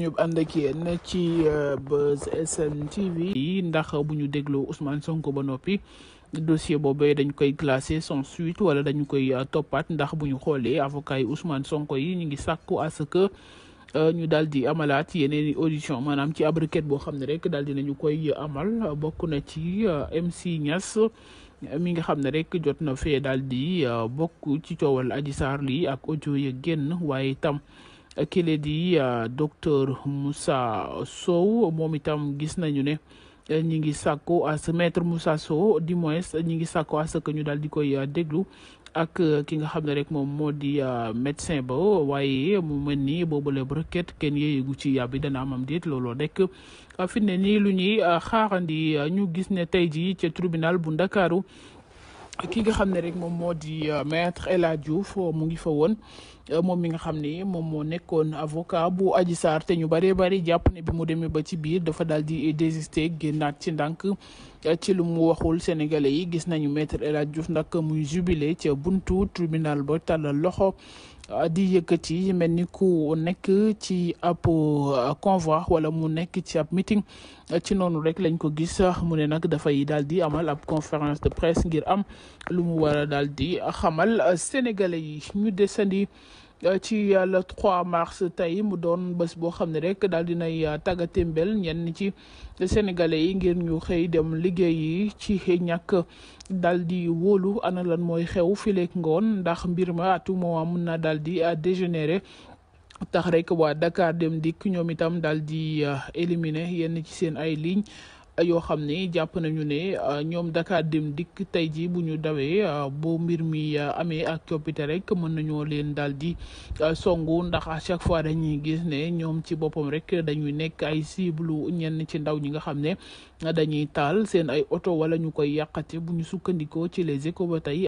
ñu ànd ak yéen ci euh, Buzz SN TV ndax bu ñu dégloo Ousmane Sonko ba noppi dossier boobee dañ koy classé sans suite wala dañu koy euh, toppaat ndax bu ñu xoolee avocat yi Ousmane Sonko yi ñu ngi sàkku à ce que euh, ñu daal di amalaat yeneen audition maanaam ci ab requête boo xam ne rek daal di nañu koy amal bokk na ci MC Niass mi nga xam ne rek jot na fee daal di bokk ci coowal aji Sarr lii ak audio ya génn tam. kile di euh, docteur Moussa Sow moom itam gis nañu ne euh, ñi ngi sàkku à ce maître Moussa Sow du moins ñi ngi sàkku à ñu daal di koy euh, déglu ak ki nga xam ne rek moom moo di médecin bo waaye mu mel ni boobule requête kenn yeeyegu ci yàbbi dana amam déet looloo rek fi ne nii lu ñuy xaarandi ñu gis ne tey jii ca tribunal bu Ndakaaru ki nga xam ne rek moom moo di euh, maitre El Hadj Diouf euh, mu ngi fa woon euh, moom mi nga xam ne moom moo nekkoon avocat bu Adji Sarr te ñu bëree bëri jàpp ne bi mu demee ba ci biir dafa daal di désister génnaat ci ndànk ci lu mu waxul sénégalais yi gis nañu maitre El Hadj Diouf ndak muy jubilé ca buntu tribunal ba tàllal loxo. Ah, di yëkkati mel ni ku nekk ci ab ah, convoi wala mu nekk ci ab meeting ah, ci noonu rek lañ ko gis mu ne nag dafay daal di amal ab conférence de presse ngir am lu mu war a daal di xamal sénégalais yi ñu desandi. Euh, ci yàlla euh, 3 mars tey mu doon bés boo xam ne rek daal dinay euh, tagga témbel ñenn ci sénégalais yi ngir ñu xëy dem liggéey ci ñàkk daal di wóolu ana lan mooy xew fileeg ngoon ndax mbir ma atu mooma mun na daal di dégénéré tax rek waa Dakar dem dikk ñoom itam daal di éliminer yenn ci seen ay ligne yoo xam ne jàpp nañu ne euh, ñoom daka Dem Dikk tey jii bu ñu dawee euh, boo mbir mi euh, amee ak coppite rek mën nañoo leen daal di songu ndax à chaque fois dañuy gis ne ñoom ci boppam rek dañuy nekk ay cible ñenn ci ndaw ñi nga xam ne dañuy taal seen ay oto wala ñu koy yàqate bu ñu sukkandikoo ci les échos ba tey